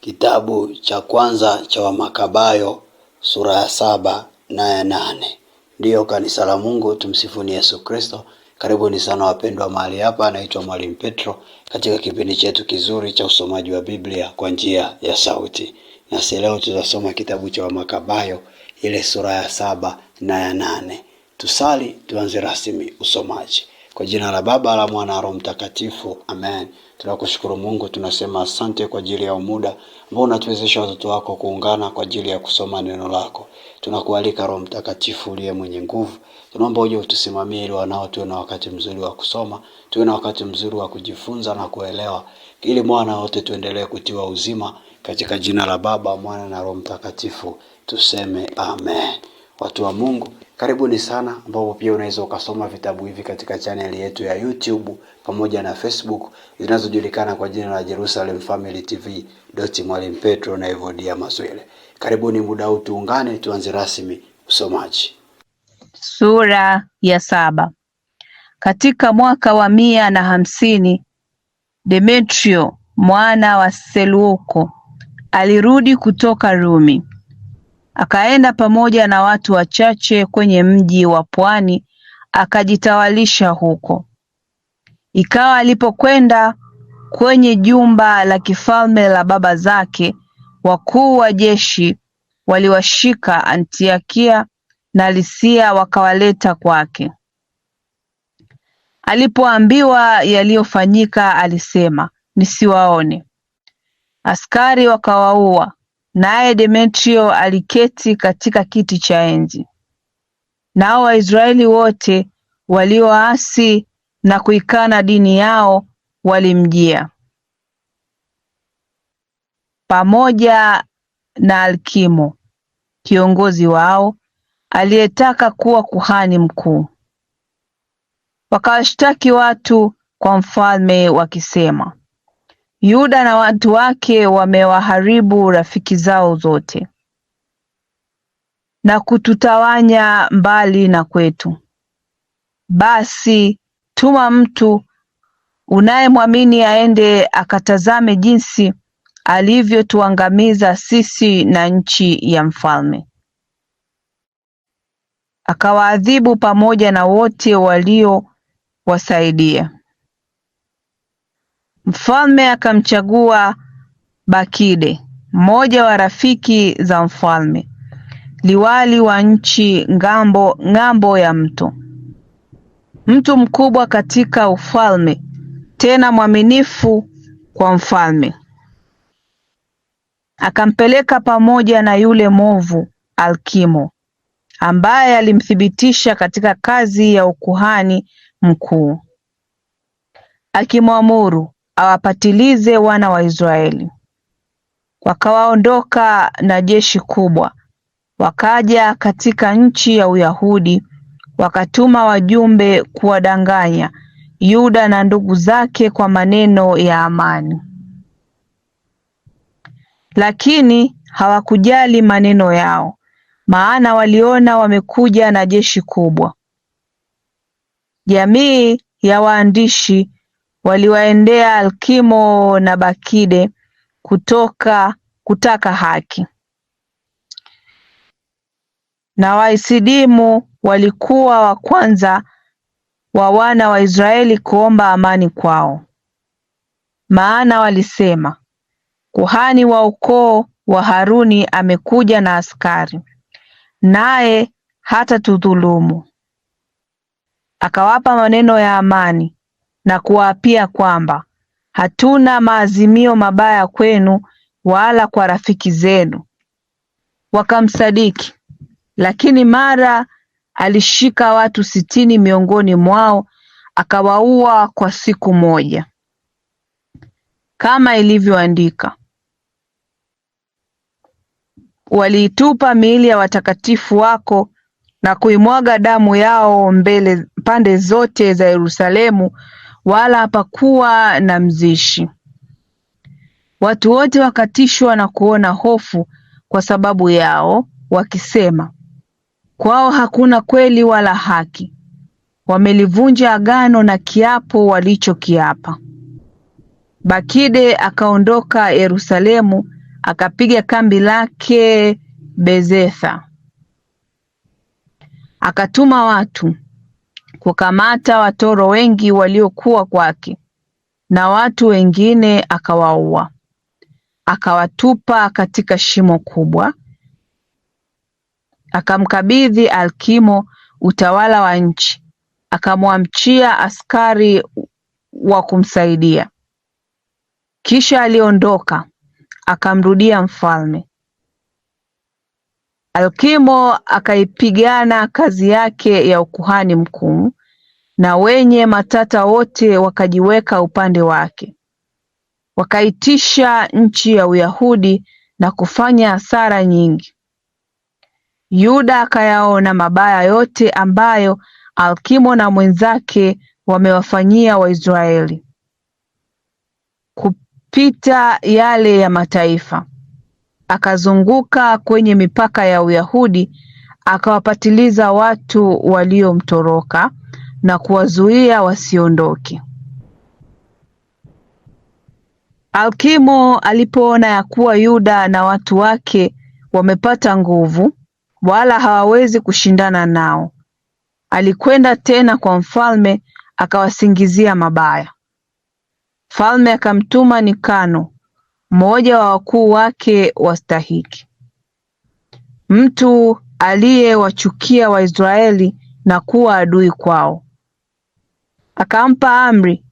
Kitabu cha kwanza cha Wamakabayo sura ya saba na ya nane. Ndiyo kanisa la Mungu, tumsifuni Yesu Kristo. Karibuni sana wapendwa mahali hapa, anaitwa Mwalimu Petro katika kipindi chetu kizuri cha usomaji wa Biblia kwa njia ya sauti, nasi leo tutasoma kitabu cha Wamakabayo ile sura ya saba na ya nane. Tusali tuanze rasmi usomaji. Kwa jina la Baba la Mwana Roho Mtakatifu, amen. Tunakushukuru Mungu, tunasema asante kwa ajili ya muda ambao unatuwezesha watoto wako kuungana kwa ajili ya kusoma neno lako. Tunakualika Roho Mtakatifu uliye mwenye nguvu, tunaomba uje utusimamie, ili wanao tuwe na wakati mzuri wa kusoma, tuwe na wakati mzuri wa kujifunza na kuelewa, ili mwana wote tuendelee kutiwa uzima, katika jina la Baba, Mwana na Roho Mtakatifu tuseme amen watu wa Mungu, karibuni sana, ambapo pia unaweza ukasoma vitabu hivi katika channel yetu ya YouTube pamoja na Facebook zinazojulikana kwa jina la Jerusalem Family TV doti Mwalimu Petro na Evodia Maswele. Karibuni muda huu, tuungane tuanze rasmi usomaji. Sura ya saba. Katika mwaka wa mia na hamsini Demetrio mwana wa Seluko alirudi kutoka Rumi Akaenda pamoja na watu wachache kwenye mji wa pwani akajitawalisha huko. Ikawa alipokwenda kwenye jumba la kifalme la baba zake, wakuu wa jeshi waliwashika Antiokia na Lisia wakawaleta kwake. Alipoambiwa yaliyofanyika, alisema, nisiwaone. Askari wakawaua naye Demetrio aliketi katika kiti cha enzi Nao Waisraeli wote walioasi na kuikana dini yao walimjia, pamoja na Alkimo kiongozi wao aliyetaka kuwa kuhani mkuu. Wakawashtaki watu kwa mfalme wakisema, Yuda na watu wake wamewaharibu rafiki zao zote na kututawanya mbali na kwetu. Basi tuma mtu unayemwamini aende akatazame jinsi alivyotuangamiza sisi na nchi ya mfalme, akawaadhibu pamoja na wote waliowasaidia. Mfalme akamchagua Bakide mmoja wa rafiki za mfalme liwali wa nchi ng'ambo ng'ambo ya mto, mtu mkubwa katika ufalme, tena mwaminifu kwa mfalme. Akampeleka pamoja na yule mwovu Alkimo, ambaye alimthibitisha katika kazi ya ukuhani mkuu, akimwamuru awapatilize wana wa Israeli. Wakawaondoka na jeshi kubwa, wakaja katika nchi ya Uyahudi, wakatuma wajumbe kuwadanganya Yuda na ndugu zake kwa maneno ya amani, lakini hawakujali maneno yao, maana waliona wamekuja na jeshi kubwa. Jamii ya waandishi waliwaendea Alkimo na Bakide kutoka kutaka haki na Waisidimu walikuwa wa kwanza wa wana wa Israeli kuomba amani kwao maana walisema kuhani wa ukoo wa Haruni amekuja na askari, naye hata tudhulumu Akawapa maneno ya amani na kuwaapia kwamba hatuna maazimio mabaya kwenu wala kwa rafiki zenu. Wakamsadiki, lakini mara alishika watu sitini miongoni mwao akawaua kwa siku moja, kama ilivyoandika, waliitupa miili ya watakatifu wako na kuimwaga damu yao mbele pande zote za Yerusalemu wala hapakuwa na mzishi Watu wote wakatishwa na kuona hofu kwa sababu yao, wakisema, kwao hakuna kweli wala haki; wamelivunja agano na kiapo walichokiapa. Bakide akaondoka Yerusalemu, akapiga kambi lake Bezetha, akatuma watu kukamata watoro wengi waliokuwa kwake na watu wengine akawaua, akawatupa katika shimo kubwa. Akamkabidhi Alkimo utawala wa nchi, akamwamchia askari wa kumsaidia. Kisha aliondoka akamrudia mfalme Alkimo akaipigana kazi yake ya ukuhani mkuu na wenye matata wote wakajiweka upande wake wakaitisha nchi ya Uyahudi na kufanya hasara nyingi Yuda akayaona mabaya yote ambayo Alkimo na mwenzake wamewafanyia Waisraeli kupita yale ya mataifa akazunguka kwenye mipaka ya Uyahudi akawapatiliza watu waliomtoroka na kuwazuia wasiondoke. Alkimo alipoona ya kuwa Yuda na watu wake wamepata nguvu wala hawawezi kushindana nao, alikwenda tena kwa mfalme akawasingizia mabaya. Mfalme akamtuma Nikano mmoja wa wakuu wake wastahiki, mtu aliyewachukia Waisraeli na kuwa adui kwao, akampa amri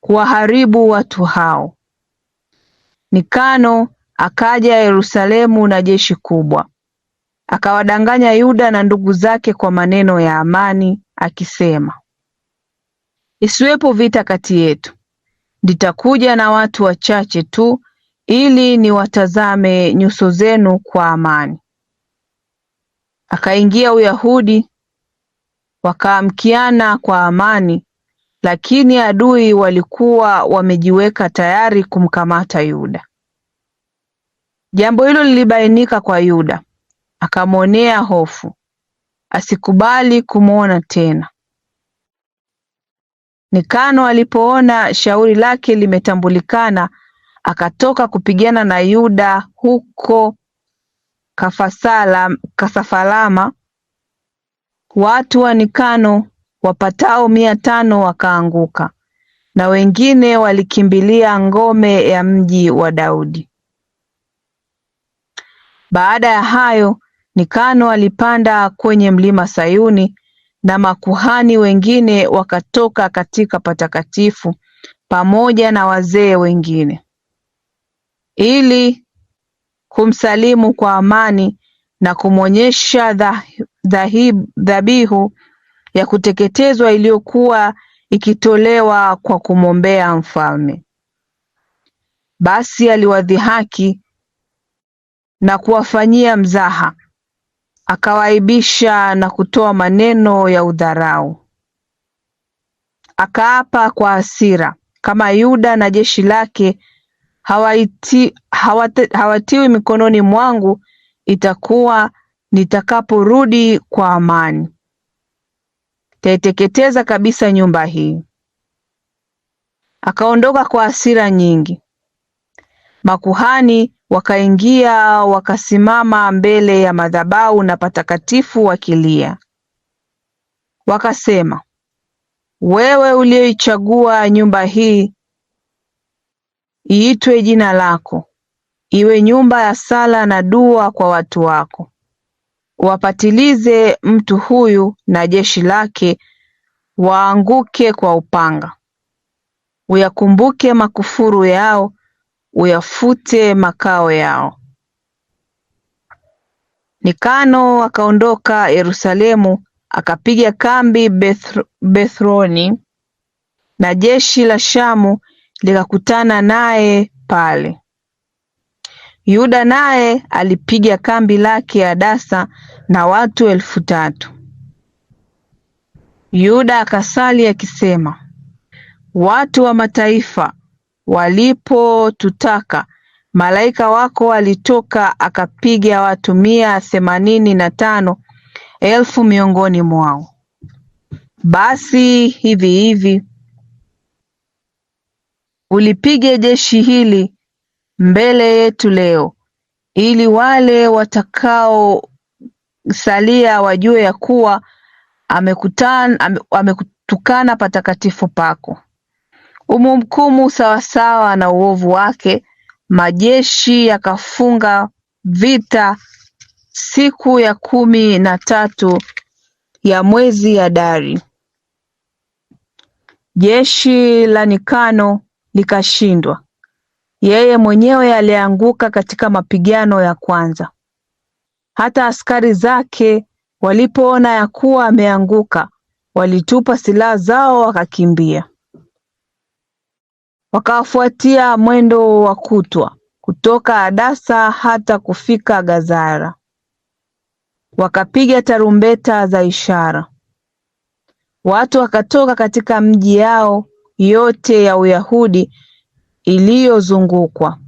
kuwaharibu watu hao. Nikano akaja Yerusalemu na jeshi kubwa, akawadanganya Yuda na ndugu zake kwa maneno ya amani, akisema, isiwepo vita kati yetu, nitakuja na watu wachache tu ili niwatazame nyuso zenu kwa amani. Akaingia Uyahudi, wakaamkiana kwa amani, lakini adui walikuwa wamejiweka tayari kumkamata Yuda. Jambo hilo lilibainika kwa Yuda, akamwonea hofu, asikubali kumwona tena. Nikano alipoona shauri lake limetambulikana Akatoka kupigana na Yuda huko kasafalama watu wa Nikano wapatao mia tano wakaanguka na wengine walikimbilia ngome ya mji wa Daudi. Baada ya hayo Nikano alipanda kwenye mlima Sayuni na makuhani wengine wakatoka katika patakatifu pamoja na wazee wengine ili kumsalimu kwa amani na kumwonyesha dhabihu ya kuteketezwa iliyokuwa ikitolewa kwa kumwombea mfalme basi aliwadhihaki na kuwafanyia mzaha akawaibisha na kutoa maneno ya udharau akaapa kwa hasira kama Yuda na jeshi lake hawatiwi mikononi mwangu itakuwa nitakaporudi kwa amani taiteketeza kabisa nyumba hii. Akaondoka kwa hasira nyingi. Makuhani wakaingia wakasimama mbele ya madhabahu na patakatifu wakilia, wakasema, wewe uliyeichagua nyumba hii Iitwe jina lako, iwe nyumba ya sala na dua kwa watu wako, uwapatilize mtu huyu na jeshi lake waanguke kwa upanga. Uyakumbuke makufuru yao, uyafute makao yao. Nikano akaondoka Yerusalemu akapiga kambi bethroni na jeshi la Shamu likakutana naye pale. Yuda naye alipiga kambi lake Adasa na watu elfu tatu. Yuda akasali akisema, watu wa mataifa walipotutaka malaika wako alitoka akapiga watu mia themanini na tano elfu miongoni mwao. Basi hivi hivi Ulipige jeshi hili mbele yetu leo ili wale watakaosalia wajue ya kuwa amekutukana patakatifu pako, umumkumu sawasawa na uovu wake. Majeshi yakafunga vita siku ya kumi na tatu ya mwezi ya dari Jeshi la Nikano likashindwa, yeye mwenyewe alianguka katika mapigano ya kwanza. Hata askari zake walipoona ya kuwa ameanguka, walitupa silaha zao wakakimbia. Wakawafuatia mwendo wa kutwa kutoka adasa hata kufika Gazara, wakapiga tarumbeta za ishara. Watu wakatoka katika mji yao yote ya Uyahudi iliyozungukwa,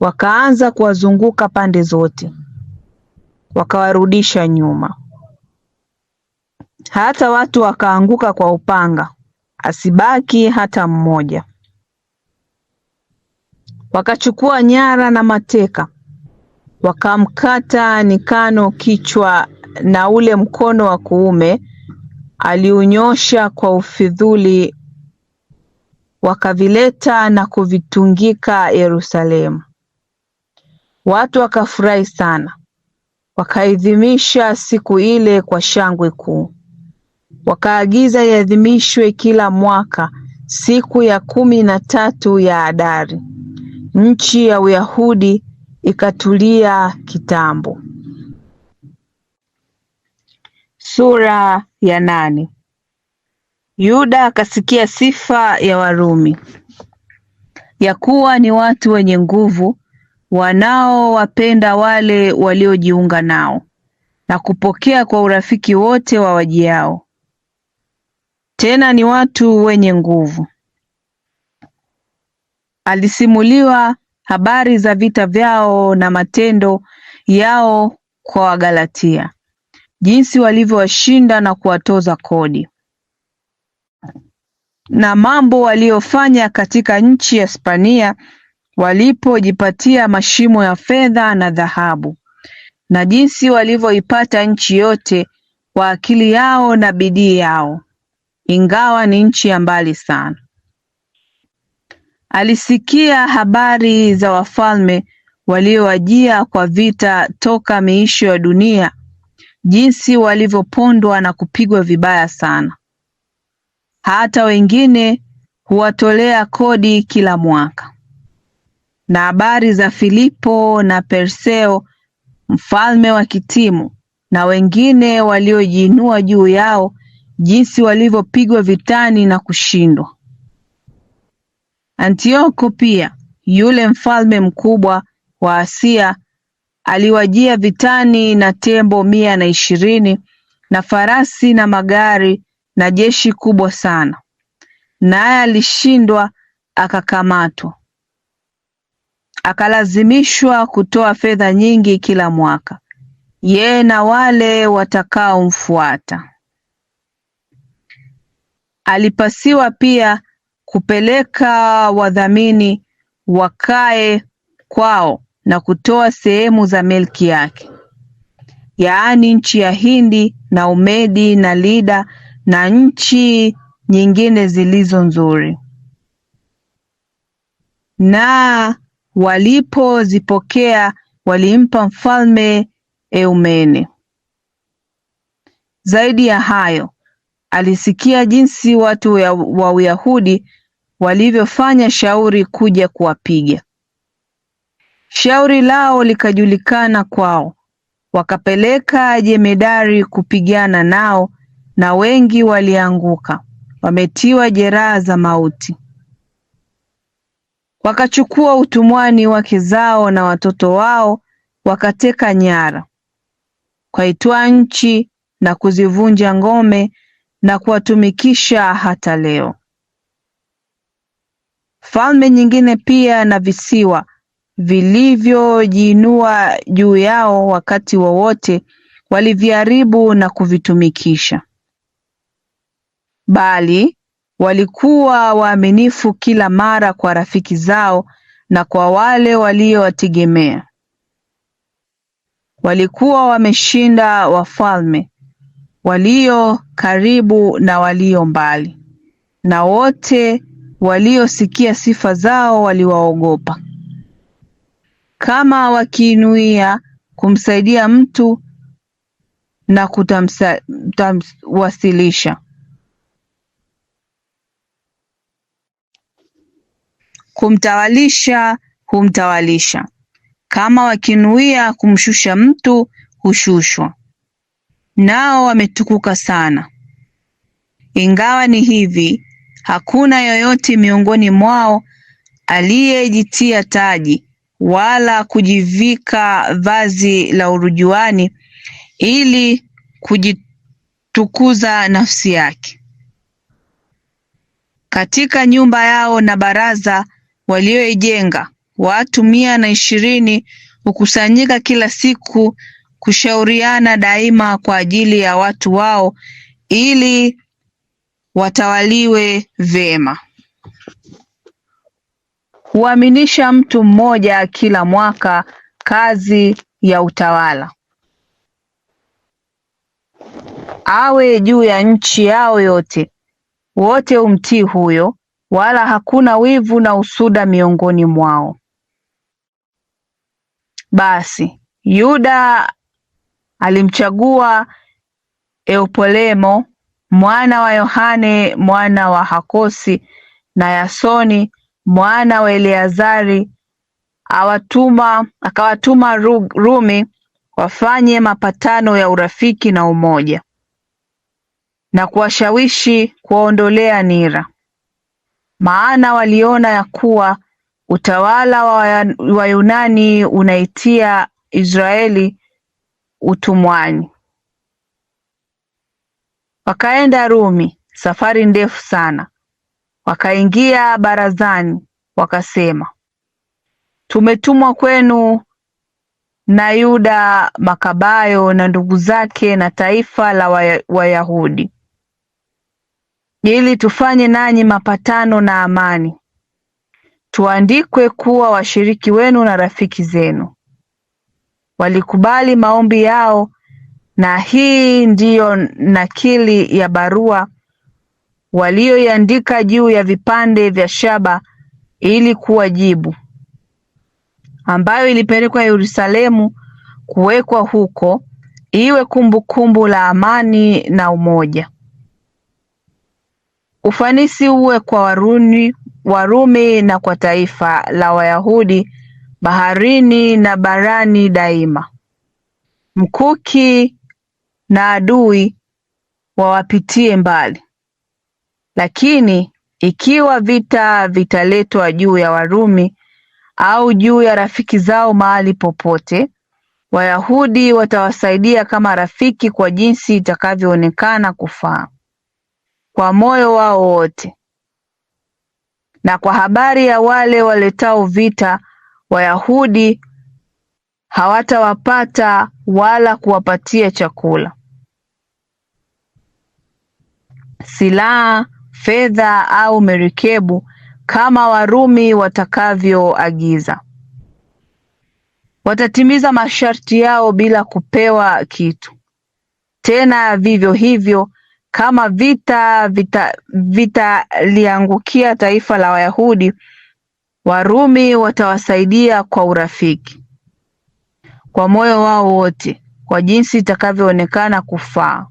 wakaanza kuwazunguka pande zote, wakawarudisha nyuma, hata watu wakaanguka kwa upanga, asibaki hata mmoja. Wakachukua nyara na mateka, wakamkata Nikano kichwa na ule mkono wa kuume aliunyosha kwa ufidhuli wakavileta na kuvitungika Yerusalemu. Watu wakafurahi sana, wakaidhimisha siku ile kwa shangwe kuu. Wakaagiza iadhimishwe kila mwaka siku ya kumi na tatu ya Adari. Nchi ya Uyahudi ikatulia kitambo. Sura ya nane. Yuda akasikia sifa ya Warumi, ya kuwa ni watu wenye nguvu, wanaowapenda wale waliojiunga nao, na kupokea kwa urafiki wote wa yao tena ni watu wenye nguvu. Alisimuliwa habari za vita vyao na matendo yao kwa Wagalatia, jinsi walivyowashinda na kuwatoza kodi na mambo waliyofanya katika nchi ya Hispania walipojipatia mashimo ya fedha na dhahabu na jinsi walivyoipata nchi yote kwa akili yao na bidii yao ingawa ni nchi ya mbali sana. Alisikia habari za wafalme walioajia kwa vita toka miisho ya dunia, jinsi walivyopondwa na kupigwa vibaya sana hata wengine huwatolea kodi kila mwaka. Na habari za Filipo na Perseo mfalme wa Kitimu na wengine waliojiinua juu yao, jinsi walivyopigwa vitani na kushindwa. Antioko pia yule mfalme mkubwa wa Asia aliwajia vitani na tembo mia na ishirini na farasi na magari na jeshi kubwa sana, naye alishindwa akakamatwa, akalazimishwa kutoa fedha nyingi kila mwaka, yeye na wale watakaomfuata. Alipasiwa pia kupeleka wadhamini wakae kwao na kutoa sehemu za milki yake, yaani nchi ya Hindi na Umedi na Lida na nchi nyingine zilizo nzuri na walipozipokea walimpa Mfalme Eumene. Zaidi ya hayo, alisikia jinsi watu wa Uyahudi walivyofanya shauri kuja kuwapiga. Shauri lao likajulikana kwao, wakapeleka jemedari kupigana nao na wengi walianguka, wametiwa jeraha za mauti. Wakachukua utumwani wake zao na watoto wao, wakateka nyara, kwaitwa nchi na kuzivunja ngome na kuwatumikisha hata leo. Falme nyingine pia na visiwa vilivyojiinua juu yao wakati wowote, waliviharibu na kuvitumikisha bali walikuwa waaminifu kila mara kwa rafiki zao na kwa wale waliowategemea. Walikuwa wameshinda wafalme walio karibu na walio mbali, na wote waliosikia sifa zao waliwaogopa. Kama wakiinuia kumsaidia mtu na kutamwasilisha humtawalisha humtawalisha, kama wakinuia kumshusha mtu hushushwa, nao wametukuka sana. Ingawa ni hivi, hakuna yoyote miongoni mwao aliyejitia taji wala kujivika vazi la urujuani ili kujitukuza nafsi yake. Katika nyumba yao na baraza walioijenga watu mia na ishirini hukusanyika kila siku kushauriana daima kwa ajili ya watu wao ili watawaliwe vyema. Huaminisha mtu mmoja kila mwaka kazi ya utawala awe juu ya nchi yao yote, wote umtii huyo wala hakuna wivu na usuda miongoni mwao. Basi Yuda alimchagua Eupolemo mwana wa Yohane mwana wa Hakosi na Yasoni mwana wa Eleazari awatuma akawatuma Rumi wafanye mapatano ya urafiki na umoja na kuwashawishi kuwaondolea nira maana waliona ya kuwa utawala wa Wayunani unaitia Israeli utumwani Wakaenda Rumi, safari ndefu sana. Wakaingia barazani, wakasema, tumetumwa kwenu na Yuda Makabayo na ndugu zake na taifa la Wayahudi ili tufanye nanyi mapatano na amani, tuandikwe kuwa washiriki wenu na rafiki zenu. Walikubali maombi yao, na hii ndiyo nakili ya barua waliyoiandika juu ya vipande vya shaba ili kuwa jibu, ambayo ilipelekwa Yerusalemu kuwekwa huko iwe kumbukumbu kumbu la amani na umoja. Ufanisi uwe kwa Warumi na kwa taifa la Wayahudi baharini na barani daima, mkuki na adui wawapitie mbali. Lakini ikiwa vita vitaletwa juu ya Warumi au juu ya rafiki zao mahali popote, Wayahudi watawasaidia kama rafiki kwa jinsi itakavyoonekana kufaa kwa moyo wao wote, na kwa habari ya wale waletao vita, Wayahudi hawatawapata wala kuwapatia chakula, silaha, fedha au merikebu kama Warumi watakavyoagiza. Watatimiza masharti yao bila kupewa kitu. Tena vivyo hivyo kama vita vitaliangukia taifa la Wayahudi Warumi watawasaidia kwa urafiki, kwa moyo wao wote, kwa jinsi itakavyoonekana kufaa,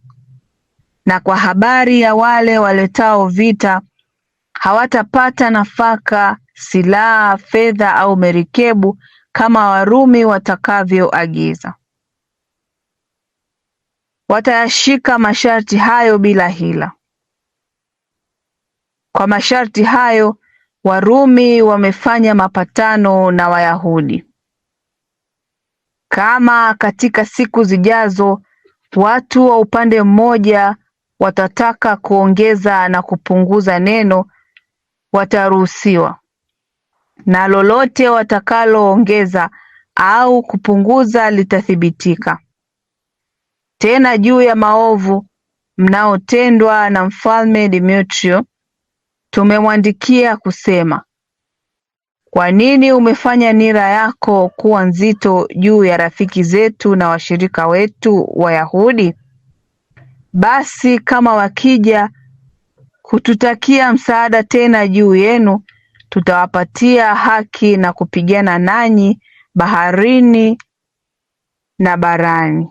na kwa habari ya wale waletao vita, hawatapata nafaka, silaha, fedha au merikebu kama Warumi watakavyoagiza watayashika masharti hayo bila hila. Kwa masharti hayo Warumi wamefanya mapatano na Wayahudi kama katika siku zijazo watu wa upande mmoja watataka kuongeza na kupunguza neno, wataruhusiwa na lolote watakaloongeza au kupunguza litathibitika tena juu ya maovu mnaotendwa na mfalme Demetrio tumemwandikia kusema: Kwa nini umefanya nira yako kuwa nzito juu ya rafiki zetu na washirika wetu Wayahudi? Basi kama wakija kututakia msaada tena juu yenu, tutawapatia haki na kupigana nanyi baharini na barani.